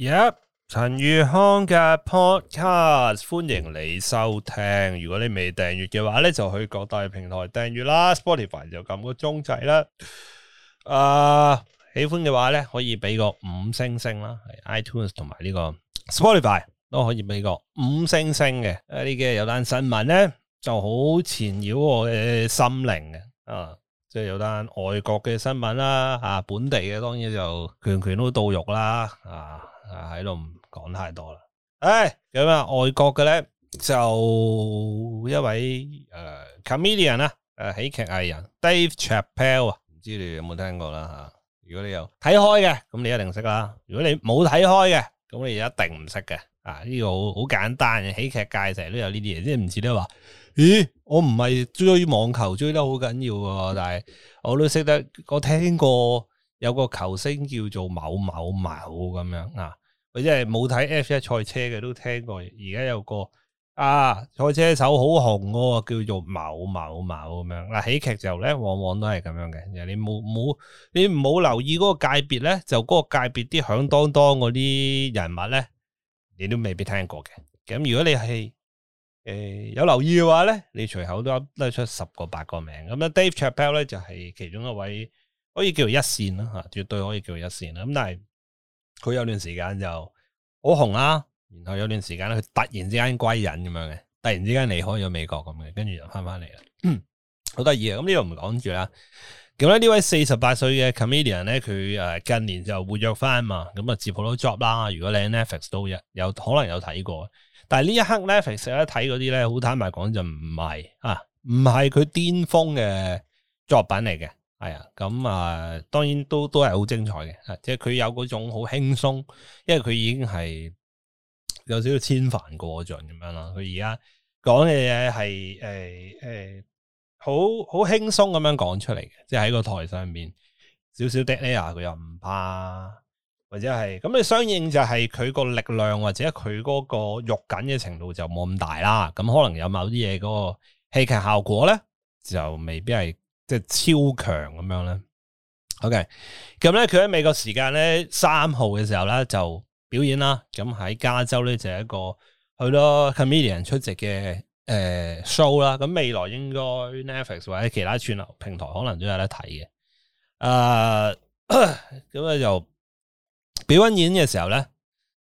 yep 陳宇康嘅 podcast，歡迎你收聽。如果你未訂閱嘅話咧，就去各大平台訂閱啦。Spotify 就撳個鐘仔啦。啊，喜歡嘅話咧，可以俾個五星星啦。係 iTunes 同埋呢個 Spotify 都可以俾個五星星嘅。呢幾日有單新聞咧，就好纏繞我嘅心靈嘅、啊。啊，即係有單外國嘅新聞啦，啊，本地嘅當然就拳拳都到肉啦，啊。喺度唔講太多啦，唉咁，啊外國嘅咧就一位誒、呃、comedian 啊，誒喜劇藝人 Dave Chappelle 啊，唔知你哋有冇聽過啦吓、啊？如果你有睇開嘅，咁你一定識啦；如果你冇睇開嘅，咁你一定唔識嘅。啊呢個好好簡單嘅喜劇界成日都有呢啲嘢，即係唔似得話咦我唔係追網球追得好緊要嘅，但係我都識得我聽過有個球星叫做某某某咁樣啊。或者係冇睇 F1 賽車嘅都聽過，而家有個啊賽車手好紅喎，叫做某某某咁樣。嗱、啊、喜劇就咧，往往都係咁樣嘅。你冇冇你冇留意嗰個界別咧，就嗰個界別啲響噹噹嗰啲人物咧，你都未必聽過嘅。咁、啊、如果你係誒、呃、有留意嘅話咧，你隨口都得出十個八個名。咁啊 Dave Chappelle 咧就係、是、其中一位，可以叫做一線啦吓，絕對可以叫做一線啦。咁、啊、但係。佢有段時間就好紅啦、啊，然後有段時間咧，佢突然之間歸隱咁樣嘅，突然之間離開咗美國咁嘅，跟住就翻翻嚟啦。好得意啊！咁 呢度唔講住啦。咁咧呢位四十八歲嘅 Comedian 咧，佢誒近年就活躍翻嘛，咁啊接好多 job 啦。如果你喺 Netflix 都有可能有睇過，但係呢一刻 Netflix 一睇嗰啲咧，好坦白講就唔係啊，唔係佢巔峰嘅作品嚟嘅。係啊，咁啊、呃，當然都都係好精彩嘅，即係佢有嗰種好輕鬆，因為佢已經係有少少千帆過盡咁樣啦。佢而家講嘅嘢係誒誒，好好輕鬆咁樣講出嚟嘅，即係喺個台上面少少 dead air，佢又唔怕，或者係咁，你相應就係佢個力量或者佢嗰個肉緊嘅程度就冇咁大啦。咁可能有某啲嘢嗰個戲劇效果咧，就未必係。即係超強咁樣咧，OK，咁咧佢喺美國時間咧三號嘅時候咧就表演啦，咁喺加州咧就一個去到 comedian 出席嘅誒、呃、show 啦，咁未來應該 Netflix 或者其他串流平台可能都有得睇嘅，誒、uh，咁 咧就表演嘅時候咧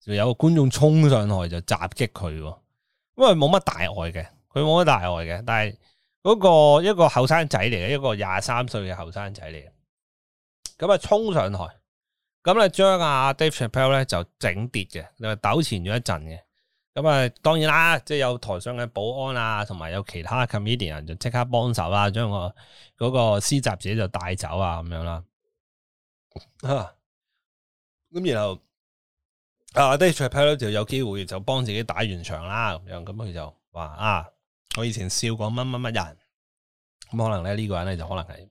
就有個觀眾衝上去就襲擊佢，因為冇乜大礙嘅，佢冇乜大礙嘅，但係。嗰、那個一個後生仔嚟嘅，一個廿三歲嘅後生仔嚟嘅，咁啊衝上台，咁啊將阿 Dave Chappelle 咧就整跌嘅，就糾纏咗一陣嘅，咁啊當然啦，即、就、係、是、有台上嘅保安啊，同埋有其他 comedian 就即刻幫手啦、啊，將我、那、嗰個施襲者就帶走啊，咁樣啦，啊，咁然後啊，Dave Chappelle 就有機會就幫自己打完場啦，咁樣，咁佢就話啊。我以前笑過乜乜乜人，咁可能咧呢、這個人咧就可能係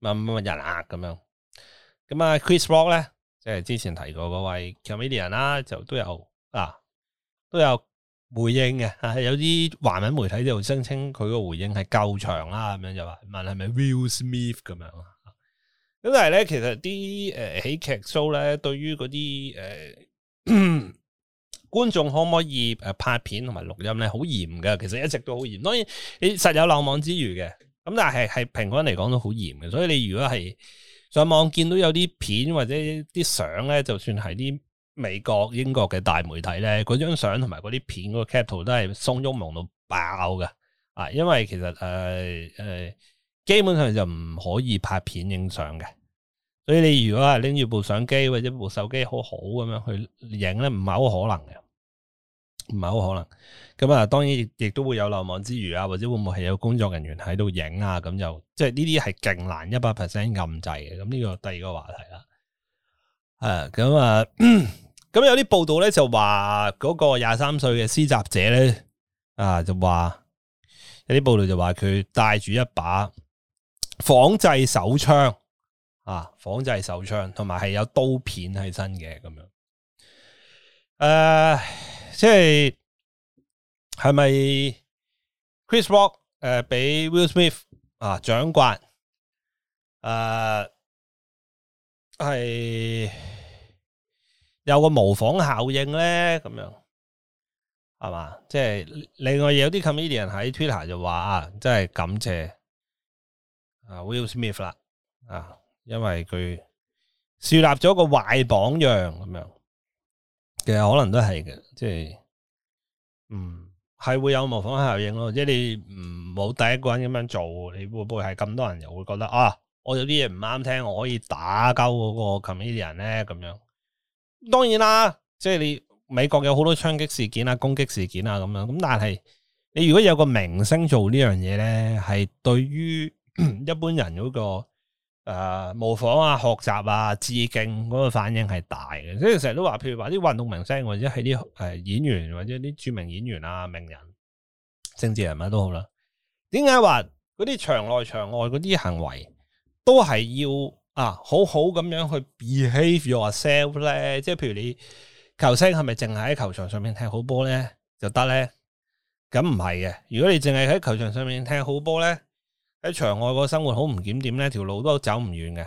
乜乜乜人啊咁樣。咁啊，Chris Rock 咧，即係之前提過嗰位 comedian 啦、啊，就都有啊，都有回應嘅。啊，有啲華文媒體就聲稱佢個回應係夠長啦，咁樣就話問係咪 Will Smith 咁樣。咁但係咧，其實啲誒、呃、喜劇 show 咧，對於嗰啲誒、呃觀眾可唔可以誒拍片同埋錄音咧？好嚴㗎，其實一直都好嚴。當然你實有漏網之魚嘅，咁但係係平均嚟講都好嚴嘅。所以你如果係上網見到有啲片或者啲相咧，就算係啲美國、英國嘅大媒體咧，嗰張相同埋嗰啲片嗰個 caption 都係鬆郁矇到爆嘅啊！因為其實誒誒、呃呃，基本上就唔可以拍片影相嘅。所以你如果係拎住部相機或者部手機好好咁樣去影咧，唔係好可能嘅。唔係好可能，咁啊，當然亦都會有漏網之魚啊，或者會唔會係有工作人員喺度影啊？咁就即係呢啲係勁難一百 percent 撳制嘅，咁呢個第二個話題啦。誒，咁啊，咁、嗯嗯、有啲報道咧就話嗰個廿三歲嘅施襲者咧，啊就話有啲報道就話佢帶住一把仿製手槍啊，仿製手槍，同埋係有刀片喺身嘅咁樣，誒、啊。即係係咪 Chris Rock 誒、呃、俾 Will Smith 啊，掌摑誒，係有個模仿效應咧咁樣係嘛？即係另外有啲 comedian 喺 Twitter 就話啊，真係感謝啊 Will Smith 啦啊，因為佢樹立咗個壞榜樣咁樣。其實可能都係嘅，即係，嗯，係會有模仿效應咯。即係你唔好第一個人咁樣做，你會不會係咁多人又會覺得啊？我有啲嘢唔啱聽，我可以打鳩嗰個 comedian 咧，咁樣。當然啦，即係你美國有好多槍擊事件啊、攻擊事件啊咁樣。咁但係你如果有個明星做呢樣嘢咧，係對於 一般人嗰個。誒、呃，模仿啊，學習啊，致敬嗰個反應係大嘅，所以成日都話，譬如話啲運動明星，或者係啲誒演員，或者啲著名演員啊，名人、政治人物都好啦。點解話嗰啲場內場外嗰啲行為都係要啊，好好咁樣去 behave yourself 咧？即係譬如你球星係咪淨係喺球場上面踢好波咧就得咧？咁唔係嘅，如果你淨係喺球場上面踢好波咧？喺場外個生活好唔檢點咧，條路都走唔遠嘅。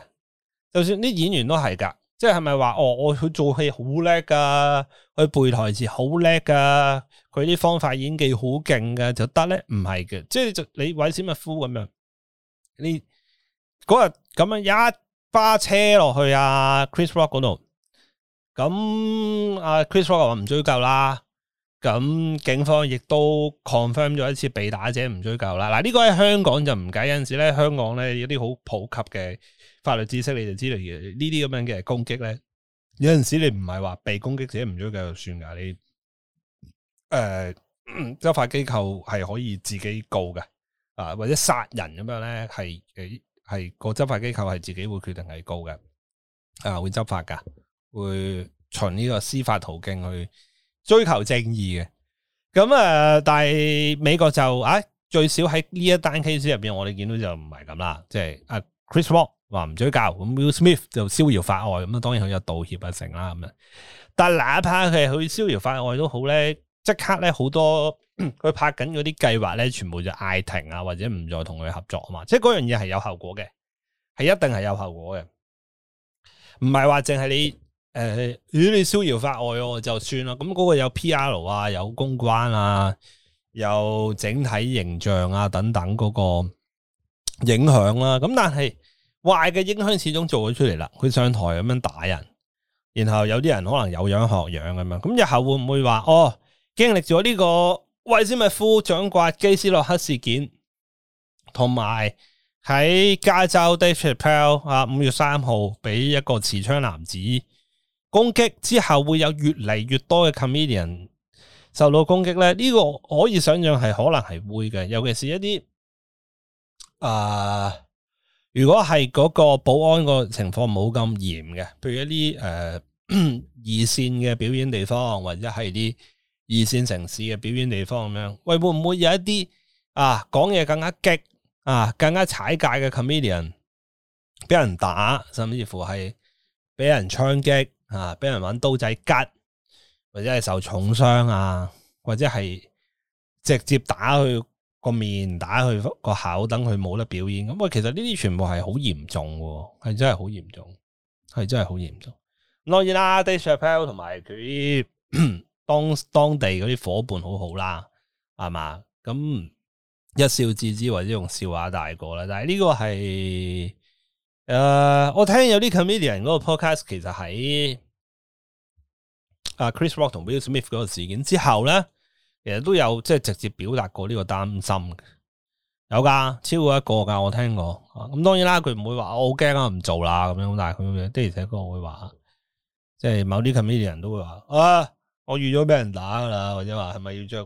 就算啲演員都係噶，即係咪話哦，我去做戲好叻噶，去背台詞好叻噶，佢啲方法演技好勁噶就得咧？唔係嘅，即係就你韋史密夫咁樣，你嗰日咁樣一巴車落去啊，Chris Rock 嗰度，咁 Chris Rock 話唔追究啦。咁警方亦都 confirm 咗一次被打者唔追究啦。嗱，呢個喺香港就唔解，有陣時咧，香港咧有啲好普及嘅法律知識，你就知道，嘅呢啲咁樣嘅攻擊咧，有陣時你唔係話被攻擊者唔追究就算噶，你誒，呃、執法機構係可以自己告嘅啊，或者殺人咁樣咧，係誒，係、個執法機構係自己會決定係告嘅啊，會執法噶，會循呢個司法途徑去。追求正義嘅，咁啊，但係美國就啊，最少喺呢一單 case 入邊，我哋見到就唔係咁啦，即係啊，Chris Rock 話唔追究，咁 Will Smith 就逍遙法外，咁啊，當然佢有道歉啊成啦咁樣。但哪怕佢係去逍遙法外都好咧，即刻咧好多佢拍緊嗰啲計劃咧，全部就嗌停啊，或者唔再同佢合作啊嘛，即係嗰樣嘢係有效果嘅，係一定係有效果嘅，唔係話淨係你。誒、呃，如果你逍遙法外，我就算啦。咁、那個有 P.R. 啊，有公關啊，有整體形象啊，等等嗰個影響啦、啊。咁但係壞嘅影響始終做咗出嚟啦。佢上台咁樣打人，然後有啲人可能有樣學樣咁樣。咁日後會唔會話哦？經歷咗呢個威斯密夫掌摑基斯洛克事件，同埋喺加州 Dave Chappelle 啊五月三號俾一個持槍男子，攻擊之後會有越嚟越多嘅 comedian 受到攻擊咧，呢、這個可以想象係可能係會嘅，尤其是一啲啊、呃，如果係嗰個保安個情況冇咁嚴嘅，譬如一啲誒、呃、二線嘅表演地方，或者係啲二線城市嘅表演地方咁樣，喂，會唔會有一啲啊講嘢更加激啊，更加踩界嘅 comedian 俾人打，甚至乎係俾人槍擊？啊！俾人揾刀仔吉，或者係受重傷啊，或者係直接打佢個面打，打佢個口，等佢冇得表演。咁喂，其實呢啲全部係好嚴重，係真係好嚴重，係真係好嚴重。當然啦，Dave Chappelle 同埋佢當當地嗰啲夥伴好好啦，係嘛？咁一笑置之，或者用笑話帶過啦。但係呢個係。誒、uh，我聽有啲 comedian 嗰個 podcast，其實喺 Chris Rock 同 Will Smith 嗰個事件之後咧，其實都有即係直接表達過呢個擔心。有噶，超過一個噶，我聽過。咁、啊、當然啦，佢唔會話我好驚啊，唔做啦咁樣，但係佢的而且確會話，即、就、係、是、某啲 comedian 都會話啊，我預咗俾人打噶啦，或者話係咪要着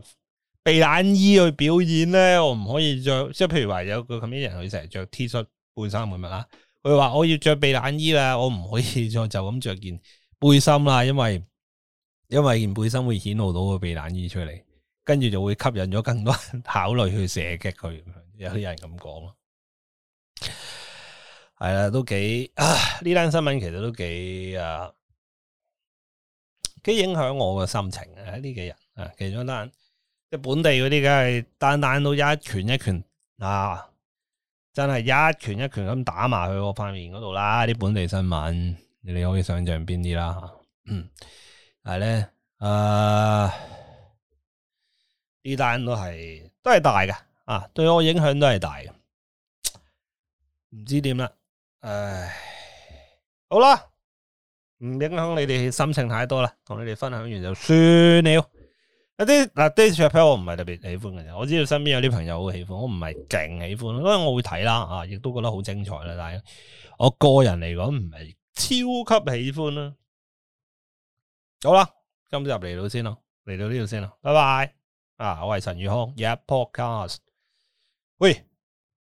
避彈衣去表演咧？我唔可以着，即係譬如話有個 comedian 佢成日着 T 恤、半衫咁樣啦。佢話我要着避彈衣啦，我唔可以再就咁着件背心啦，因為因為件背心會顯露到個避彈衣出嚟，跟住就會吸引咗更多人考慮去射擊佢。有啲人咁講咯，係啦，都幾啊，呢單新聞其實都幾啊，幾影響我嘅心情，啊，呢幾日啊。其中單即本地嗰啲，梗係單單都一拳一拳啊真係一拳一拳咁打埋去我塊面嗰度啦！啲本地新聞，你哋可以想象邊啲啦吓，嗯，係咧，啊，呢單都係都係大嘅，啊，對我影響都係大嘅，唔知點啦，唉，好啦，唔影響你哋心情太多啦，同你哋分享完就算了。啲嗱 this Rap 我唔係特別喜歡嘅，我知道身邊有啲朋友好喜歡，我唔係勁喜歡，當然我會睇啦，啊，亦都覺得好精彩啦，但係我個人嚟講唔係超級喜歡啦。好啦，今集嚟到先咯，嚟到呢度先咯，拜拜。啊，我係陳宇康，Yep Podcast。喂。